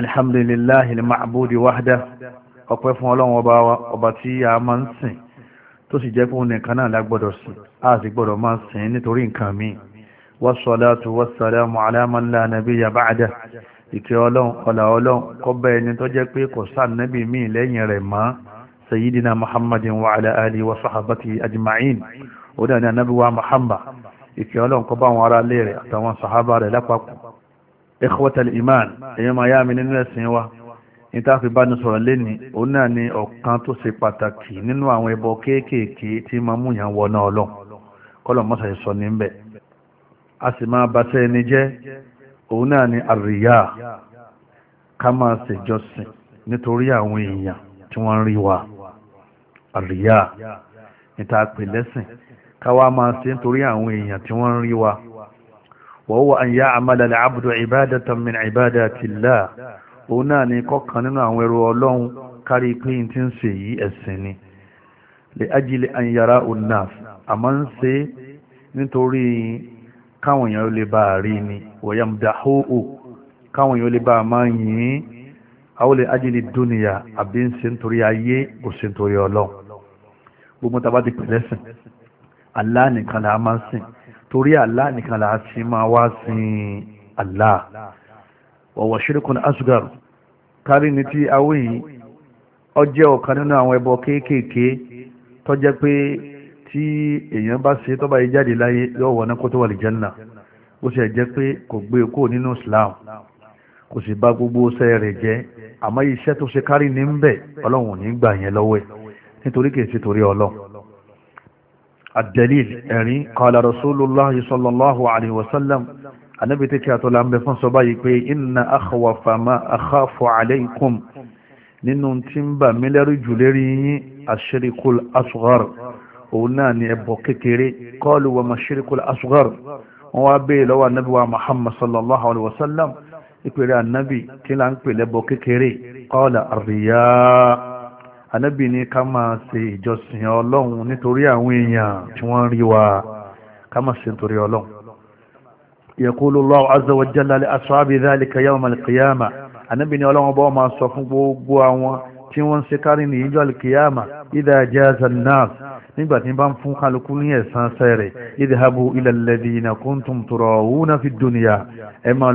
alhamdulillahi ma'budi wahda ọpẹ́ fún ọlọ́run ọba wa ọba tí a máa ń sìn tó sì jẹ́ pé òun nìkan náà lágbọ́dọ̀ sìn a sì gbọ́dọ̀ máa sìn nítorí nǹkan mi wassalatu wassalamu ala man la nabiyya ba'da ìkẹ́ ọlọ́run ọlà ọlọ́run kọ́bẹ̀ ẹni tó jẹ́ pé kò sáà nábì míì ikhwatal iman èyàn máa yá mi nínú ẹ̀sìn wa ní tá a fi bá ní sọ̀rọ̀ lẹ́ni òun náà ni ọ̀kan tó ṣe pàtàkì nínú àwọn ẹbọ kéékèèké tí máa mú yàn wọ náà lọ kọ́lọ̀ mọ́sà sọ níbẹ̀ a sì máa baṣẹ́ ẹni jẹ́ òun náà ni àríyá ká máa ṣèjọsìn nítorí àwọn èèyàn tí wọ́n ń rí wa àríyá ní tá a pè lẹ́sìn ká wá máa ṣe nítorí àwọn èèyàn tí wọ́n ń rí wa wọ́wọ́ an yá àmàlà làbùdó ìbádàtàn min ìbádàtìlá òun náà ni kọ́kàn nínú àwọn ẹrù ọlọ́run kárí pé n ti ń ṣe yìí ẹ̀sìn ni lè ajílẹ̀ an yàrá onaf àmọ́ ń ṣe nítorí káwọn èèyàn lè bá a rí ni wọ̀yàm dàhóhù káwọn èèyàn lè bá a máa yìn àwọn lè ajílẹ̀ dúnìyà àbí ń ṣe nítorí ayé kò ṣe nítorí ọlọ́run gbogbo tàbá ti pẹ̀lẹ́sìn Allah nìkan là á máa ń sìn torí Allah nìkan là á sì máa wá sin Allah wọ̀wọ̀ ṣírìkùn asgar kárí ní tí awé yìí ó jẹ́ ọ̀kan nínú àwọn ẹbọ kéékèèké tó jẹ́ pé tí èèyàn bá ṣe tó bá yìí jáde láyé yóò wọ̀ ní kó tó wà lè jẹ́nà ó sì jẹ́ pé kò gbé e kó nínú Islam kò sì bá gbogbo ṣẹ́ rẹ̀ jẹ́ àmọ́ iṣẹ́ tó ṣe kárí ní ń bẹ̀ ọlọ́run ò ní gbà yẹn lọ́wọ́ ẹ̀ nítorí kìí ṣe torí ọlọ́run الدليل يعني قال رسول الله صلى الله عليه وسلم النبي تكي أتولى أن بفن صبايك إن أخوف ما أخاف عليكم ننو تنبا ملر جلري الشرك الأصغر وناني أبو ككري قالوا وما الشرك الأصغر وابي لو النبي محمد صلى الله عليه وسلم يقول النبي كلا أنك لبو ككري قال الرياء anábì ní ká máa ṣe ìjọsìn ọlọ́run nítorí àwọn èèyàn tí wọ́n rí wa ká máa ṣe nítorí ọlọ́run yaqulu Allahu azza wa jalla li ashabi dhalika yawm al-qiyamah anábì ní ọlọ́run bọ́ máa sọ fún gbogbo àwọn tí wọ́n ń ṣe kárí ní ìjọ alkiyama idha jaza an-nas nígbà tí bá ń fún kálukú ní ẹ̀san sẹ́rẹ̀ idhabu ila alladhina kuntum turawuna fi dunya ẹ máa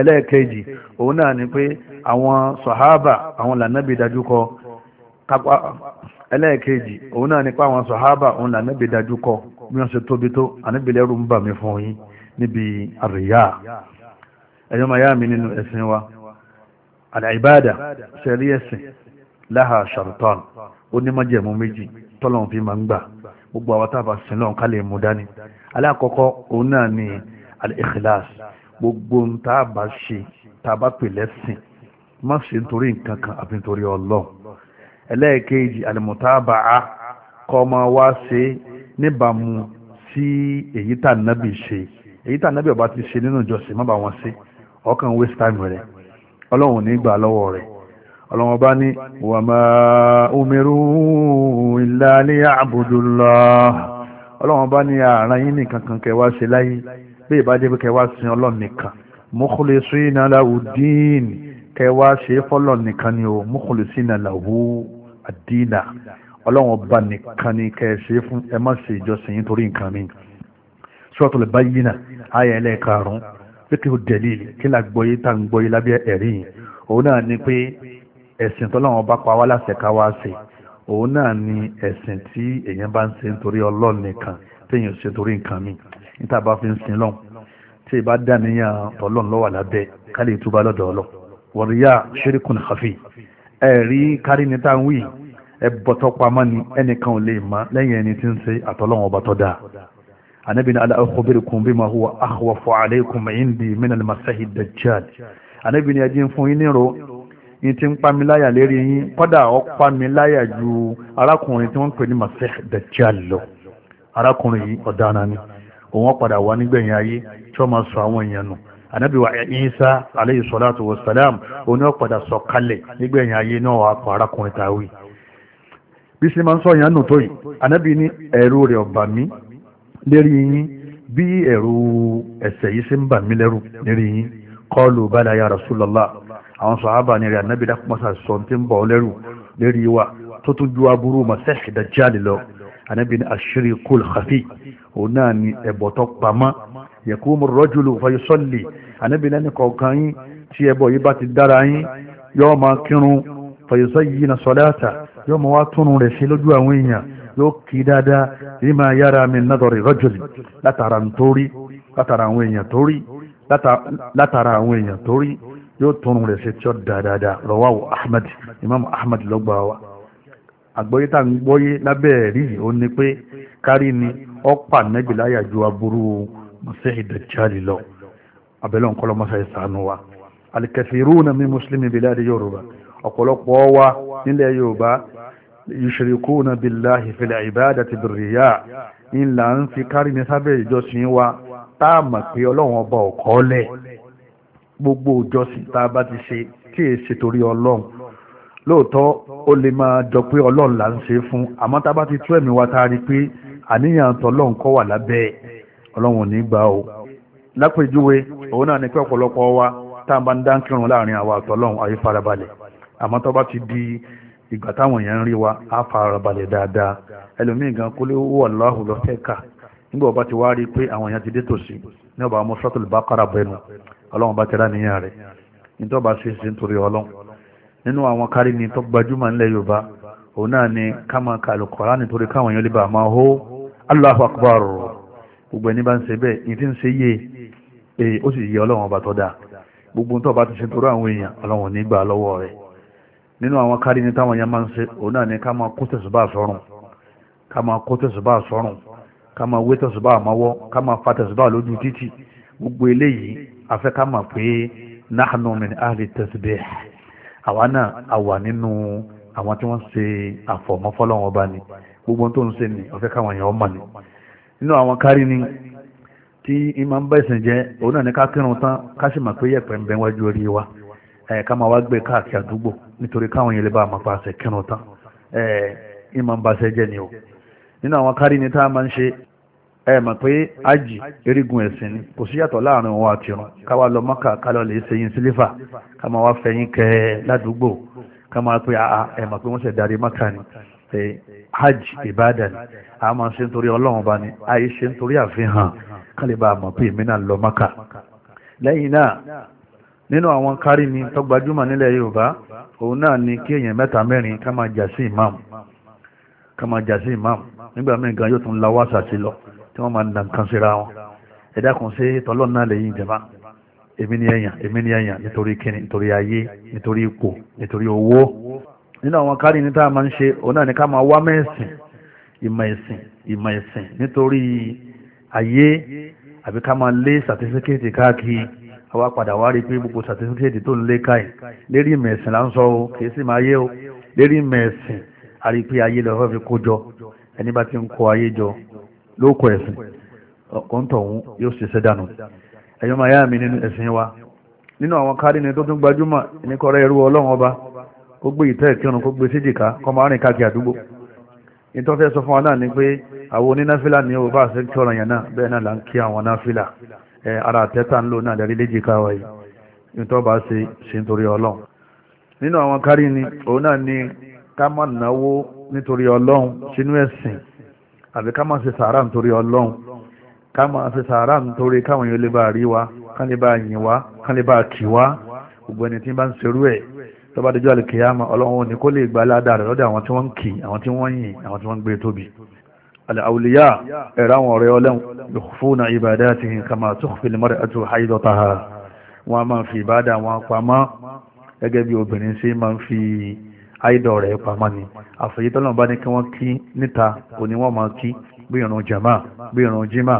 ẹlẹ́ẹ̀kejì òun náà ni pé àwọn sọ̀hábà àwọn lànàbì dájúkọ kápá ẹlẹ́ẹ̀kejì òun náà ni pé àwọn sọ̀hábà òun lànàbì dájúkọ bí wọ́n ṣe tóbi tó ànábìlẹ́rù ń bà mí fún yín níbi àríyá ẹ̀yọ́ máa yá mi nínú ẹ̀sìn wa àlàìbáàdà ṣẹ̀rí ẹ̀sìn láhà ṣàrùtọ́n ó ní méjì tọ́lọ́n fi máa ń gbà gbogbo àwọn tábà sílọ́n ká lè mú dání alákọ̀ọ́kọ́ òun náà ni al-ikhlas gbogbo ń tá bá ṣe tá bá pè lẹ́sìn má ṣe nítorí nǹkan kan àfi nítorí ọlọ́run ẹlẹ́ẹ̀kejì kọ́ wa ṣe níbàámu sí èyí tá nábì ṣe èyí tá ọba ti ṣe nínú ìjọsìn má bá wọn ṣe ọkàn waste time rẹ ọlọ́run ò ní gbà lọ́wọ́ ọlọ́run ọba ní wa ma ọba ní àárín yín nìkan kan kẹ wá bí ìbájẹ́ pé kẹwàá sin ọlọ́run nìkan mukhlisina lahu dín kẹwàá ṣe fọ́lọ́ nìkan ni o mukhlisina lahu àdínà ọlọ́run ọba nìkan ni kẹ ṣe fún ẹ má ṣe ìjọsìn yín torí nǹkan mi Suratul Bayyinah ayé ẹlẹ́ẹ̀karùn-ún fíkìrù dẹ̀líìlì kí là gbọ́yé tá à ń gbọ́yé lábẹ́ ẹ̀rí yìí òun náà ni pé ẹ̀sìn tọ́lọ́run bá pa wá láṣẹ ká wá ṣe òun náà ni ẹ̀sìn tí èèyàn bá ń ṣe nítorí ọlọ́run nìkan téèyàn ṣe torí nǹkan mi níta bá fi ń sin lọ́n tí ìbá dàníyàn tọ́lọ́n lọ́wọ́ lábẹ́ ká lè túbá lọ́dọ̀ ọlọ́ wọ̀ríyá ṣerékùn khafi ẹ̀rí kárí ní tá ń wí ẹ̀bọ̀tọ̀ pamọ́ ni ẹnìkan ò lè má lẹ́yìn ẹni tí ń ṣe àtọ́lọ́wọ́n ọba tọ́ dáa anabi ni ala akhbirukum bima huwa akhwafu alaykum indi min al-masih ad-dajjal anabi ni ajin fún yín niro yín tí ń pamiláyà lérí yín kọ́dà ju arákùnrin tí wọ́n ń pè ní dajjal lọ arákùnrin yìí ọ̀daràn ni òun padà wá nígbẹ̀yìn ayé tí wọ́n máa sọ àwọn èèyàn nù ànábì wa Ìsá alayhi salatu wa salam padà sọ kalẹ̀ nígbẹ̀yìn ayé náà wà kọ arákùnrin tàwí bí sì máa ń sọ èèyàn nù tó yìí ànábì ní ẹ̀rù rẹ̀ ọ̀bà mí lérí yín bí yìí ń bala ya rasulallah àwọn sọ ń bọ̀ lẹ́rù lérí wa tó tún ju aburú lọ anabi ni ashirikul khafi òun náà ni ẹbọ tó pamọ́ yakumu rajulu fayusalli anabi lẹ́ni kọ̀ọ̀kan yín tí ẹbọ yìí bá ti dára yín yóò máa kírun fayusayyina salata yóò máa wá túnun rẹ̀ sí lójú àwọn èèyàn yóò kí dáadáa yìí máa yára min nadari rajuli látara nítorí látara àwọn èèyàn torí látara àwọn èèyàn torí yóò túnun rẹ̀ sí tí ó dáadáa rawahu ahmed imam ahmed ló gbà àgbọ́yé tá à ń gbọ́yé lábẹ́ ẹ̀rí ó ní pé kárí ni ọ̀pá nẹ́bí láyà ju aburú Masih Dajjal lọ abẹ́lẹ́ ọ̀nkọ́lọ́ mọ́sá ẹ̀ sànú wa alikẹsìrú na mi mùsùlùmí biladi Yorùbá ọ̀pọ̀lọpọ̀ wa nílẹ̀ Yorùbá yushiriku na billahi fil ibadati birriya ńlá ń fi kárí ni sábẹ́ ìjọsìn wa tá a mọ̀ pé ọlọ́run ọba ọ̀kọ́ lẹ̀ gbogbo ìjọsìn tá a bá ti ṣe kí èsì torí lóòótọ́ ó lè máa jọ pé ọlọ́run là ń ṣe fún àmọ́ tá a bá ti tú ẹ̀mí wa tá a rí i pé àníyàn tọ́lọ́run kọ́ wà lábẹ́ ẹ̀ ọlọ́run ò ní gbà o lápèjúwe òun náà ni pé ọ̀pọ̀lọpọ̀ wa tá a bá ń dá kírun láàrin àwa àtọ́lọ́run àyè farabalẹ̀ àmọ́ tó bá ti di ìgbà táwọn èèyàn ń rí wa á farabalẹ̀ dáadáa ẹlòmíì gan kó lè wọ̀ láhùn lọ fẹ́ kà nígbà ọba ti wá rí i pé àwọn èèyàn nínú àwọn kárí ni tó gbajúmọ̀ ńlẹ̀ yorùbá òun náà ni ká máa ka àlùkọ́rá nítorí káwọn yóò lè bá máa hó Allahu Akbar gbogbo ẹni bá ń ṣe bẹ́ẹ̀ ní ń ṣe yé e ó sì yẹ ọlọ́run ọba tó dáa gbogbo tó bá ti ṣe torí àwọn èèyàn ọlọ́run ní gbà lọ́wọ́ rẹ̀ nínú àwọn kárí ni táwọn yẹn máa ń ṣe òun náà ni ká máa kó tẹ̀sùbá sọ́rùn ká máa kó tẹ̀sùbá sọ́rùn ká máa wé tẹ̀sùbá àmọ́wọ́ ká máa fa tẹ̀sùbá lójú títì gbogbo eléyìí afẹ́ ká máa pé nahnu min ahli tasbih àwa náà a wà nínú àwọn tí wọ́n ṣe àfọ̀mọ́fọ́lọ́wọ́n ọba ni gbogbo tó ń ṣe ni ọ̀fẹ́ káwọn èèyàn mọ̀ ni nínú àwọn kárí ni tí ìmọ̀ ń bẹ̀sìn jẹ́ òun náà ní ká kírun tán ká sì mọ̀ pé yẹ̀pẹ̀ ń bẹ wájú orí wa ká máa wá gbé káàkiri àdúgbò nítorí káwọn yẹn lè bá máa pàṣẹ kírun tán ìmọ̀ ń bàṣẹ jẹ́ ni o nínú àwọn kárí ni tá a máa ń ṣe ẹ mọ̀ pé ájì erigun ẹ̀sìn ni kò sí yàtọ̀ láàrin òun àti ìrun káwa lọ mọ́kà kálọ̀ lè ṣe yín sílífà ká máa wá fẹ̀yìn kẹ ládùúgbò ká máa pé ẹ mọ̀ pé wọ́n ṣe darí mọ́kà ni hajj ìbádà ni a máa ṣe nítorí ọlọ́run bá ni àyè ṣe nítorí àfihàn ká lè bá a mọ̀ pé èmi náà lọ mọ́kà lẹ́yìn náà nínú àwọn kárí ni tó gbajúmọ̀ nílẹ̀ yorùbá òun náà ni kí èèyàn mẹ́ta mẹ́rin ká máa jà sí ìmáàmù ká máa jà sí ìmáàmù nígbà míì gan yóò tún lawásà sí lọ tí wọ́n máa ń dàn kan síra wọn ẹ̀dá kan sí tọ́lọ́ náà lẹ́yìn ìjọba èmi ni ẹ̀yàn èmi ni ẹ̀yàn nítorí kíni nítorí ayé nítorí ipò nítorí owó nínú àwọn kárí ní tá a máa ń ṣe òun náà ní ká máa wá mẹ́sìn ìmọ̀ ẹ̀sìn ìmọ̀ ẹ̀sìn nítorí ayé àbí ká máa lé sàtífíkẹ́tì káàkiri àwa padà wá rí i pé gbogbo sàtífíkẹ́tì tó ń lé káì lérí ìmọ̀ ẹ̀sìn là ń sọ o kì í sì máa yé o lérí ìmọ̀ ẹ̀sìn àrí pé ayé lọ́wọ́ fi kó jọ ẹni bá ti ń kó ayé jọ lóko esi ọ̀kọ́ńtọ̀ ọ̀hún yóò ṣiṣẹ́ dànù ẹ̀yọ́ máa yá mi nínú ninu wa nínú àwọn kárí ni tó tún gbajúmọ̀ ní kọ́rẹ́ ẹrú ọba kó gbé ìtẹ́ ìkírun kó gbé síjìká kọ́ máa rìn káàkiri àdúgbò ìtọ́ fẹ́ sọ fún wa náà ni pé àwọn onínáfílà ní owó bá ṣe ń tọrọ yẹn náà bẹ́ẹ̀ náà là ń kí àwọn náfílà ara àtẹ́tà ń lò náà lẹ́rí léjìká wa yìí ìtọ́ bá ṣe ṣe nítorí ọlọ́run nínú àwọn kárí ni òun náà ni ká má náwó nítorí ọlọ́run sínú ẹ̀sìn àbí ká máa ṣe sàárà nítorí ọlọ́run ká máa ṣe sàárà nítorí káwọn èèyàn lè bá rí wa kán lè bá yìn wa kán lè bá kì wa gbogbo ẹni tí bá ń ṣerú ẹ̀ tó bá dọjọ́ àlùkìyàmà ọlọ́run ò ní kó lè gba aládàá rẹ̀ lọ́dọ̀ àwọn tí wọ́n ń kì àwọn tí wọ́n ń yìn àwọn tí wọ́n ń gbé tóbi alàwùlíyà ẹ̀rọ àwọn ọ̀rẹ́ ọlẹ́run yòófúnà ìbàdà àti àìdọ̀ rẹ̀ pamọ́ ni àfẹ̀yẹ́tọ́lọ́n bá ní kí wọ́n kí níta kò ní wọ́n máa kí bí ìrun jama bí ìrun jima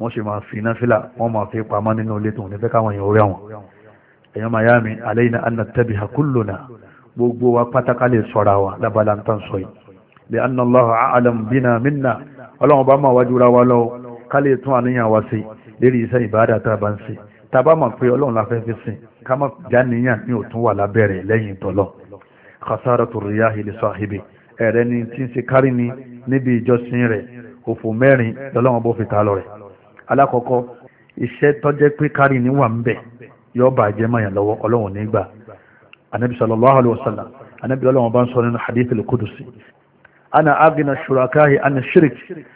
wọ́n sì máa fi iná fílà wọ́n máa fi pamọ́ nínú ilé tó ní káwọn èèyàn orí àwọn èèyàn miami alayna an nattabiha kulluna gbogbo wa pátákà lè sọ̀ra wa lábala ń tàn sọ yìí lè anna Allahu a'lam bina minna ọlọ́run bá máa wájú ra wa lọ́wọ́ ká lè tún àníyàn wa sí lérí iṣẹ́ ìbáadà tá a bá ń ṣe tá a bá mọ̀ pé ọlọ́run la fẹ́ fi sìn ká má jáníyàn ní òtún wà lábẹ́rẹ̀ lẹ́yìn tọ́lọ́ khasaratu riyahi li sahibi ẹ̀rẹ́ ni tí ń ṣe kárí ni níbi ìjọsìn rẹ̀ òfò mẹ́rin lọ́lọ́wọ́n bó fi ta lọ rẹ̀ alákọ̀ọ́kọ́ iṣẹ́ tọ́jẹ́ pé kárí ni wà ń bẹ̀ yọ bàjẹ́ mọ̀yàn lọ́wọ́ ọlọ́run nígbà anabi sallallahu alayhi wa sallam anabi ọlọ́run bá ń sọ nínú hadith al-kudusi ana agina shurakahi ana shirik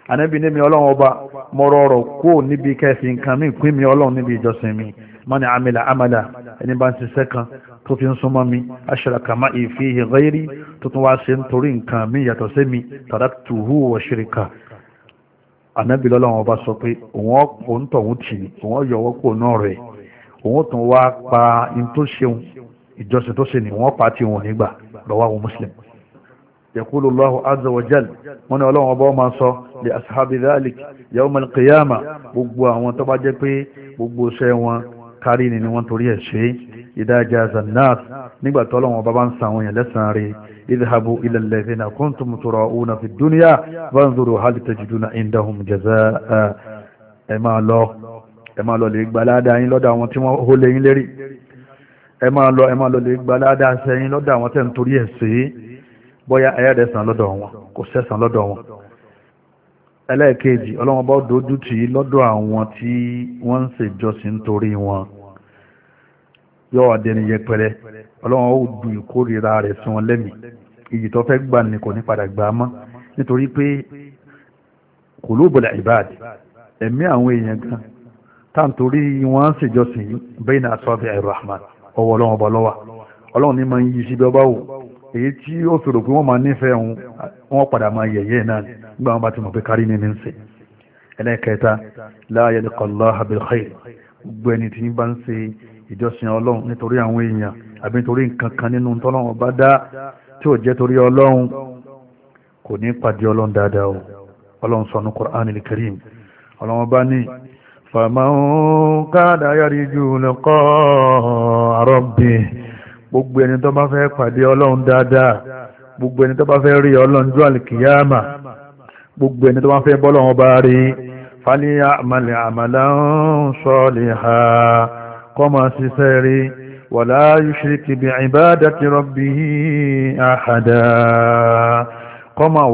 anabi ní mi ọlọ́run ọba mọ̀rọ̀ ọ̀rọ̀ níbi kẹfì nǹkan mi pín mi ọlọ́run níbi ìjọsìn mi mani amila amala ẹni bá ń ṣiṣẹ́ kan tó fi ń súnmọ́ mi aṣaraka ma ìfihì ghairi tó tún wá ṣe ń torí nǹkan mi yàtọ̀ sí mi taraktuhu wa shirika ànábì lọ́lọ́wọ́n bá sọ pé òun òun tọ̀hún tì ní òun yọ̀wọ́ kó náà rẹ̀ òun tún wá pa in tó ṣeun ìjọsìn tó ṣe ni wọ́n pa tí wọn nígbà lọ́wọ́ àwọn muslim يقول الله عز وجل من الله ọba ọmọ sọ لأصحاب ذلك يوم القيامة gbogbo àwọn tó bá jẹ́ pé gbogbo ṣẹ́ wọn kárí ni wọ́n torí ẹ̀ ṣe ìdájà zanat nígbà tó lọ́wọ́ bá bá ń san àwọn èèyàn lẹ́sàn-án rẹ̀ idhabu ila alladhina kuntum tura'una fi dunya fanzuru hal tajiduna indahum jazaa ẹ máa lọ ẹ máa lọ lè gba ládàá yín lọ́dọ̀ àwọn tí wọ́n hó lé yín lérí ẹ máa lọ ẹ máa lọ lè gba ládàá sẹ́yìn lọ́dọ̀ àwọn tẹ̀ ń torí ẹ̀ sí bóyá ẹ̀yà rẹ̀ sàn lọ́dọ̀ wọn kò sẹ́sàn lọ́dọ̀ wọn ẹlẹ́ẹ̀kejì ọlọ́wọ́n bá dojú tì í lọ́dọ̀ àwọn tí wọ́n ń ṣèjọsìn torí wọn yọ àdẹni yẹpẹrẹ ọlọ́wọ́n ó du ìkórira rẹ̀ sí wọn lẹ́mìí iyì tó fẹ́ gbà ní kò ní padà gbà á mọ́ nítorí pé kulubul ibad ẹ̀mí àwọn èèyàn gan tá n torí wọn ṣèjọsìn bayna asabi ar-rahman ọwọ́ ọlọ́wọ́n bá lọ́wọ́ ọlọ́wọ́n ní máa ń yí sí bí ọba wò èyí tí ó sòrò pé wọ́n máa nífẹ̀ẹ́ òun wọ́n padà máa yẹ̀yẹ́ náà nígbà wọn bá ti mọ̀ pé kárí ní ní ń sè ẹlẹ́kẹta láàyè kọ̀lá abilkhair gbogbo ẹni tí bá ń ṣe ìjọsìn ọlọ́run nítorí àwọn èèyàn àbí nítorí nǹkan kan nínú tọ́lọ́run bá dá tí ò jẹ́ torí ọlọ́run kò ní pàdé ọlọ́run dáadáa o ọlọ́run sọnù Qur'anil Karim ọlọ́run bá ní fàmáhùn káàdà yàrá ìjù lẹ́kọ́ àrọ́bìn gbogbo ẹni tó bá fẹ́ pàdé ọlọ́run dáadáa gbogbo ẹni tó bá fẹ́ rí ọlọ́run jọ àlìkìyàmà gbogbo ẹni tó bá fẹ́ bọ́lọ́run bá rí fàlíyà àmàlẹ̀ àmàlà ń sọ lè ha kọ́ máa ṣiṣẹ́ rí wàlá yushriku bí ibadati rabbihi ahada kọ́ máa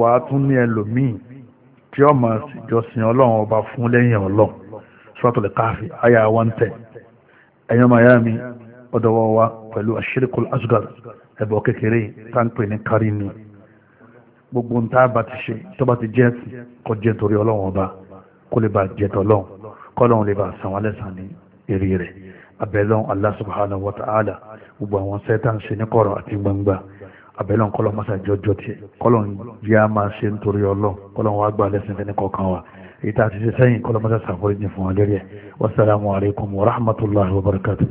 wà á tún ní ẹlòmíì tí ó máa ọlọ́run ọba fún lẹ́yìn ọlọ́run Suratul Kahfi àyà 110 ẹ̀yàn miami ọ̀dọ̀wọ̀ wa pẹ̀lú ashirikul asgar ẹ̀bọ̀ kékeré táǹpì ní kárí ni gbogbo ń tá a bá ti ṣe tó bá ti jẹ́ sí kọ́ jẹ́ torí ọlọ́run ọba kó lè bá jẹ́ tọ́lọ́run kọ́lọ́run lè bá san wálẹ̀ sàn ní èrè rẹ̀ abẹ́lọ́n Allah subhanahu wa ta'ala gbogbo àwọn sẹ́tàn ṣe ní kọ̀rọ̀ àti gbangba abẹ́lọ́n kọ́lọ́n mọ́sàájọ́jọ́ tiẹ̀ kọ́lọ́n èyí tá a ti ṣe sẹ́yìn kọ́lọ́mọ́sá ṣàforíjì fún wa lórí ẹ̀ wasalaamualeykum wa rahmatulahi wa barakatu.